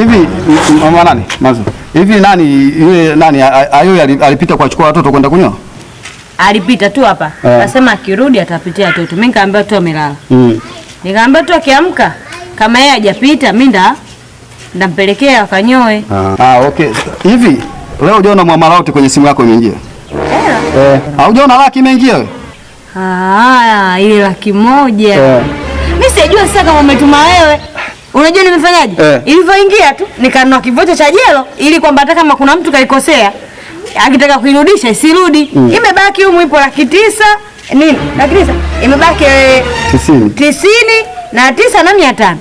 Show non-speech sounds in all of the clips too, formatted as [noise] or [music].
hivi mama nani mazo hivi nani yule nani ayo alipita kuwachukua watoto kwenda kunywa? Alipita tu hapa eh. akasema akirudi atapitia watoto. Mimi nikamwambia tu amelala, mm. nikamwambia tu akiamka kama yeye hajapita mimi nda ndampelekea akanyoe. Ah, ah okay. Hivi leo hujaona muamala wote kwenye simu yako imeingia? Eh, haujaona ah, laki imeingia Ah, ile laki moja eh. mimi sijua sasa kama umetuma wewe Unajua nimefanyaje? Eh. Ilivyoingia tu nikanua kivute cha jelo ili kwamba hata kama kuna mtu kaikosea akitaka kuirudisha isirudi. Mm. Imebaki huko ipo laki tisa nini? Laki tisa. Imebaki eh, tisini. Tisini na tisa na mia tano.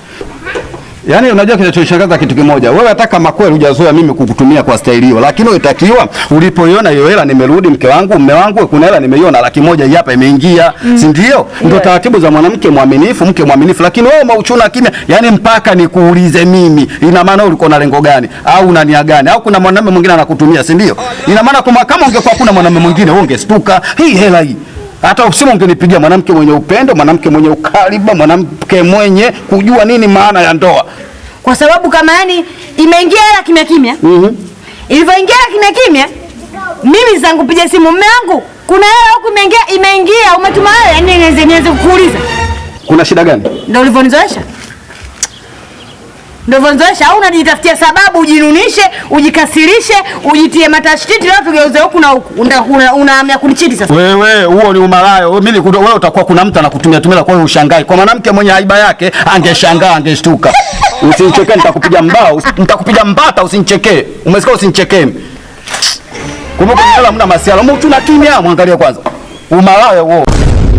Yaani unajua kinachoshangaza kitu kimoja. Wewe hata kama kweli hujazoea mimi kukutumia kwa staili hiyo, lakini unatakiwa ulipoiona hiyo hela nimerudi mke wangu, mume wangu kuna hela nimeiona laki moja hii hapa imeingia, mm. si ndio? Yeah. Ndio taratibu za mwanamke mwaminifu, mke mwaminifu, lakini wewe mauchuna kimya. Yaani mpaka nikuulize mimi, ina maana ulikuwa na lengo gani au una nia gani au kuna mwanamume mwingine anakutumia, si ndio? Oh, ina maana kama ungekuwa kuna mwanamume mwingine wewe ungestuka. Hii hela hii hata ofisini ungenipigia mwanamke mwenye upendo, mwanamke mwenye ukariba, mwanamke mwenye kujua nini maana ya ndoa, kwa sababu kama yani imeingia hela kimya kimya. mm -hmm. Ilivyoingia hela kimya kimya, mimi zangu piga simu, mume wangu, kuna hela huku imeingia, imeingia umetuma hela, yani nianze kukuuliza kuna shida gani? Ndio ulivyonizoesha. Ndivyo nizoesha au unajitafutia sababu ujinunishe, ujikasirishe, ujitie matashtiti leo tugeuze huku na huku. Unaamia kunichiti sasa. Wewe huo ni umalayo. Mimi wewe utakuwa kuna mtu anakutumia tumela kwa ushangai. Kwa mwanamke mwenye haiba yake angeshangaa, angeshtuka. [laughs] Usinichekee nitakupiga mbao, nitakupiga mbata usinichekee. Umesikia usinichekee. Kumbuka mna masiala. Mtu na kimya mwangalie kwanza. Umalayo wewe.